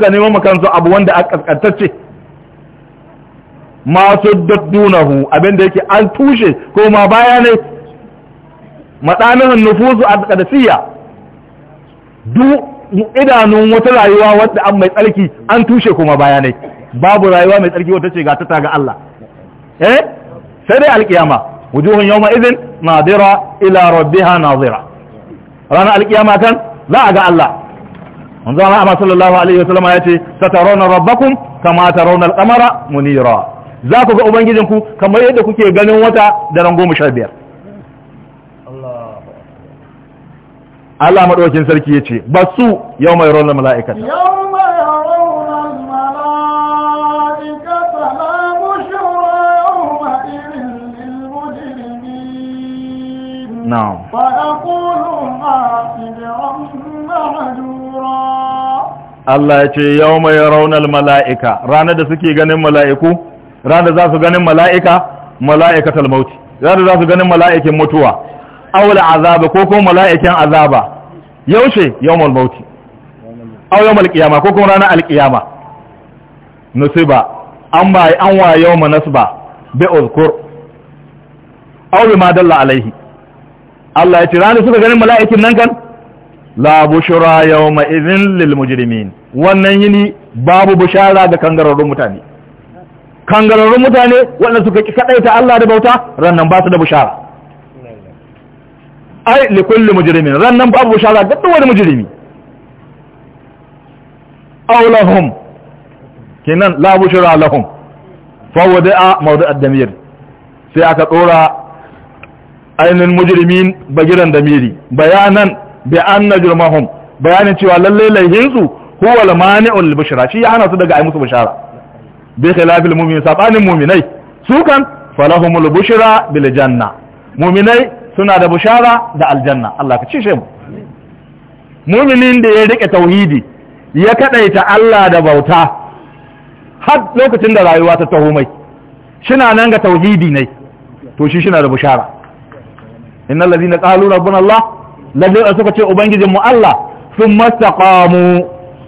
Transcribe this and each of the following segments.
suka neman makansu abu wanda a kaskantacce masu daddunahu abinda yake an tushe ko ma baya ne matsanin nufusu a kadasiya duk idanun wata rayuwa wadda an mai tsarki an tushe kuma baya ne babu rayuwa mai tsarki wata ce ga ta ga Allah eh sai dai alkiyama wujuhun yawma idin nadira ila rabbiha nadira ranar alkiyama kan za a ga Allah manzo Allah amma sallallahu alaihi wasallam ya ce satarawna rabbakum kama tarawna al-qamara munira za ku ga ubangijin ku kamar yadda kuke ganin wata da ran goma sha Allah madaukin sarki yace basu yawma yarawna malaikata yawma yarawna malaikata la bushra yawma idhin lil mujrimin na'am fa aqulu ma idhum mahdu Allah ya ce yau mai raunar mala'ika ranar da suke ganin mala'iku ranar za su ganin mala'ika mala'ika talmauti ranar za su ganin mala'ikin mutuwa aula azaba ko kuma mala'ikin azaba yaushe yau malmauti au yau malƙiyama ko kuma ranar alƙiyama nusiba an ba an wa yau manasba bi uzkur au bi ma alaihi Allah ya ce ranar suka ganin mala'ikin nan kan la bushra yawma idhin lil mujrimin wannan yini babu bushara ga kangararrun mutane kangararrun mutane wanda suka ki kadaita Allah da bauta rannan ba su da bushara ai li kulli mujrimin rannan babu bushara ga duk wani mujrimi aw lahum kinan la bushra lahum fa wada'a mawdu'a damir sai aka dora ainin mujrimin bagiran damiri bayanan bi anna jurmahum bayanin cewa lallai laihinsu huwa al-mani'u lil shi ya hana su daga ai musu bushara bi khilafil mu'min sabanin mu'minai su kan falahumul bushra bil janna mu'minai suna da bushara da aljanna Allah ka cishe mu mu'minin da ya rike tauhidi ya kadaita Allah da bauta har lokacin da rayuwa ta taho mai shina nan ga tauhidi ne to shi shina da bushara innal ladina qalu rabbuna Allah lalle suka ce ubangijin mu Allah sun mastaqamu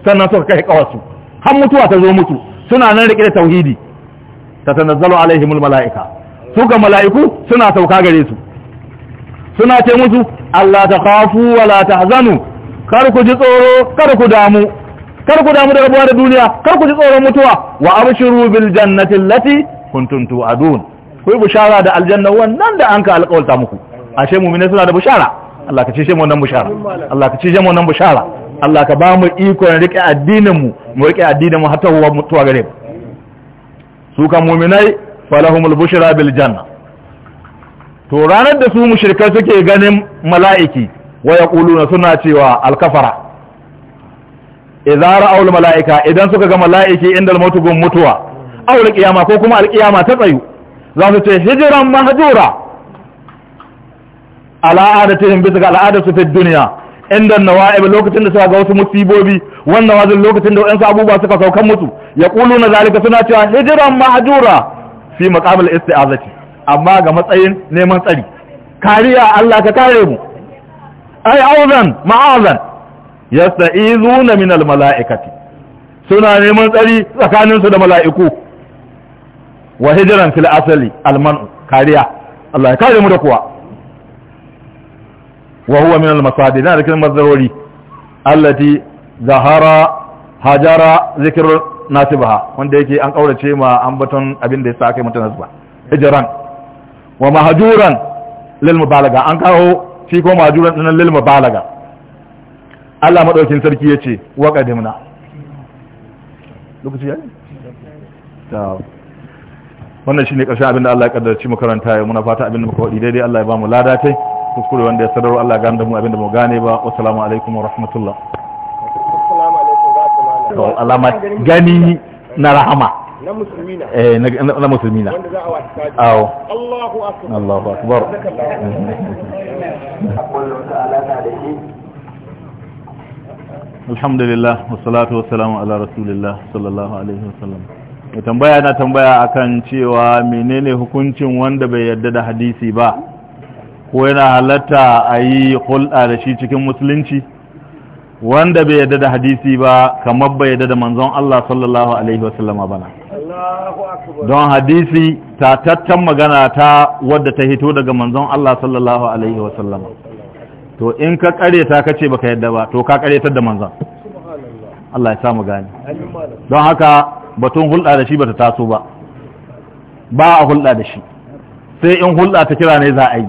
sannan suka kai kawasu har mutuwa ta zo mutu suna nan rike da tauhidi ta tanazzalu alaihimul malaika su malaiku suna sauka gare su suna ce musu Allah ta khafu wa la tahzanu kar ku ji tsoro kar ku damu kar ku damu da rabuwa da duniya kar ku ji tsoron mutuwa wa abshiru bil jannati allati kuntum tu'adun ku yi bishara da aljanna wannan da an ka alƙawarta muku ashe mu'mina suna da bishara Allah ka cishe mu wannan bushara Allah ka cishe mu wannan bushara Allah ka ba mu ikon rike addinin mu mu rike addinin mu hatta huwa mutuwa gare mu su kan mu'minai falahumul bushra bil janna to ranar da su mushrikai suke ganin mala'iki wa yaquluna suna cewa al-kafara. kafara idza ra'aw mala'ika idan suka ga mala'iki inda mutugun mutuwa aw alqiyama ko kuma alqiyama ta tsayu za su ce hijran mahjura ala bisa ga al'adar su fi duniya inda nawa'ib lokacin da suka ga wasu musibobi wannan wazin lokacin da wayansu abubuwa suka saukan musu ya kulu na zalika suna cewa hijiran mahjura fi maqamil isti'azati amma ga matsayin neman tsari kariya Allah ka kare mu ai auzan ma'azan yasta'izuna min al mala'ikati suna neman tsari tsakanin su da mala'iku wa hijiran fil asali al man kariya Allah ya kare mu da kuwa wa من المصادر ذلك المذروري na ظهر هاجر ذكر zahara hajara يكي nasibaha wanda شيء an انبتن ma دي abin da ya sa kai mutun nasba hijran wa mahjuran lil mubalaga an kawo shi ko mahjuran din lil mubalaga Allah sarki wannan shine karshen abin da Allah ya kaddarci mu karanta yau muna fata abin da muka wadi daidai Allah ya ba mu lada kuskure wanda ya sadarwa Allah gane da mu abinda mu gane ba wassalamu alaikum wa rahmatullah to alama gani na rahama na musulmi na eh na musulmi na wanda za a awo Allahu akbar Allahu akbar alhamdulillah wassalatu wassalamu ala rasulillah sallallahu alaihi wasallam tambaya na tambaya akan cewa menene hukuncin wanda bai yadda da hadisi ba ko yana halatta a yi hulɗa da shi cikin musulunci wanda bai yadda da hadisi ba kamar bai yadda da manzon Allah sallallahu alaihi wasallama bana don hadisi ta tattan magana ta wadda ta hito daga manzon Allah sallallahu alaihi wasallama to in ka kareta ka ce baka yadda ba to ka karetar da manzon Allah ya sa mu gani don haka batun hulɗa da shi bata taso ba ba a hulɗa da shi sai in hulɗa ta kira ne za a yi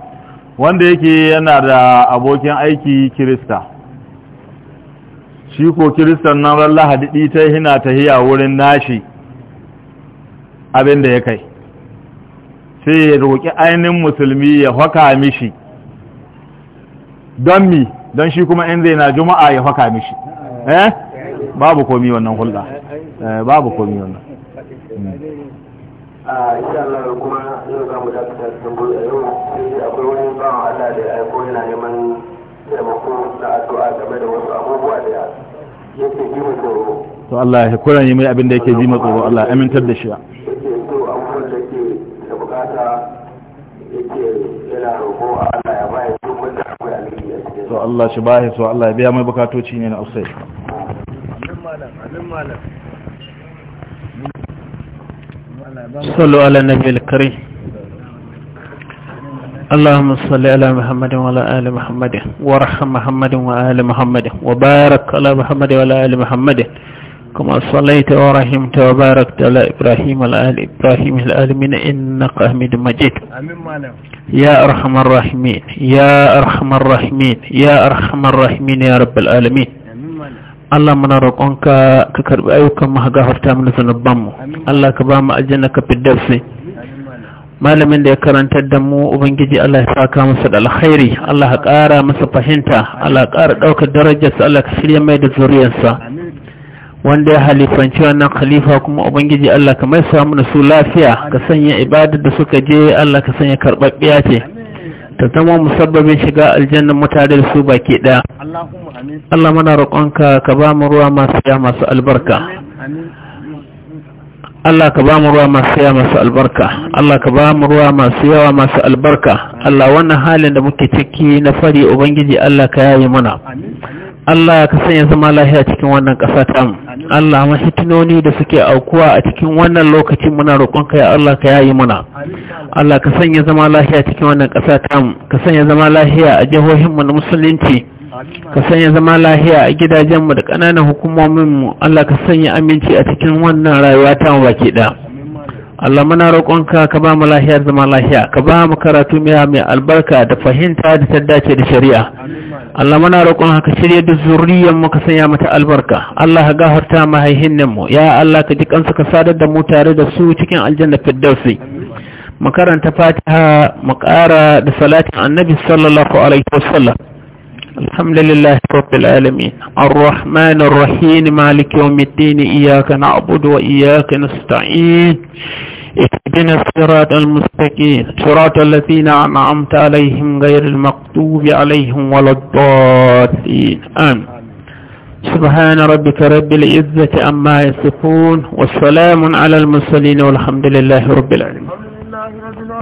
wanda yake yana da abokin aiki kirista shi ko kiristan nan ran lahadi ta hina hiya wurin nashi abin da ya kai sai ya roƙi ainihin musulmi ya haka mishi don mi don shi kuma in zai na juma'a ya haka mishi eh babu komi wannan hulɗa eh, babu komi wannan hmm. a Allah kuma yau za mu dakata cikin gudu a yau sai akwai wani bawan Allah da ya aiko yana neman taimako na addu'a game da wasu abubuwa da yake ji mu tsoro to Allah ya kura yi mai abin da yake ji mu tsoro Allah ya amintar da shi yake so abubuwan da ke da bukata yake yana roƙo Allah ya bayar duk wanda akwai alheri a to Allah shi bahi so Allah ya biya mai bukatoci ne na usai amin malam amin malam صلوا على النبي الكريم اللهم صل على محمد وعلى آل محمد وارحم محمد وآل محمد وبارك على محمد وعلى آل محمد كما صليت ورحمت وباركت على إبراهيم وعلى آل إبراهيم العالمين إنك حميد مجيد نعم. يا أرحم الراحمين يا أرحم الراحمين يا أرحم الراحمين يا رب العالمين Allah muna roƙonka ka karɓi ayyukan mu ga harta mana zanubban mu Allah ka ba mu aljanna ka fiddausi malamin da ya karantar da mu ubangiji Allah ya saka masa da alkhairi Allah ya ƙara masa fahimta Allah ya ƙara ɗaukar darajarsa Allah ka shirya mai da zuriyarsa wanda ya halifanci wannan khalifa kuma ubangiji Allah ka mai samu na su lafiya ka sanya ibadar da suka je Allah ka sanya karɓaɓɓiya ce ta zama musabbabin shiga aljannan mutare su baki ɗaya. Allah mana roƙonka ka ba mu ruwa masu ya masu albarka. Allah ka ba mu ruwa masu yawa masu albarka Allah ka ba mu ruwa masu yawa masu albarka Allah wannan halin da muke ciki na fari ubangiji Allah ka yayi mana Allah ka sanya zama lahiya cikin wannan ƙasa ta mu Allah ma fitinoni da suke aukuwa a cikin wannan lokacin muna roƙonka ya Allah ka yayi muna Allah ka sanya zama lahiya cikin wannan ƙasa ta mu ka sanya zama lahiya a jihohin mu na musulunci ka sanya zama lahiya a gidajen mu da ƙananan hukumomin mu Allah ka sanya aminci a cikin wannan rayuwa ta mu baki ɗaya Allah muna roƙonka ka ba mu lahiyar zama lahiya ka ba mu karatu mai albarka da fahimta da ta dace da shari'a Allah muna roƙon haka shirya da zuriyar mu ka sanya mata albarka Allah ka gafarta mahaihinnin mu ya Allah ka ji kansu ka sadar da mu tare da su cikin aljanna firdausi makaranta fatiha mu ƙara da salatin annabi sallallahu alaihi wasallam الحمد لله رب العالمين الرحمن الرحيم مالك يوم الدين إياك نعبد وإياك نستعين اهدنا الصراط المستقيم صراط الذين أنعمت عليهم غير المغضوب عليهم ولا الضالين آمين سبحان ربك رب العزة عما يصفون والسلام على المرسلين والحمد لله رب العالمين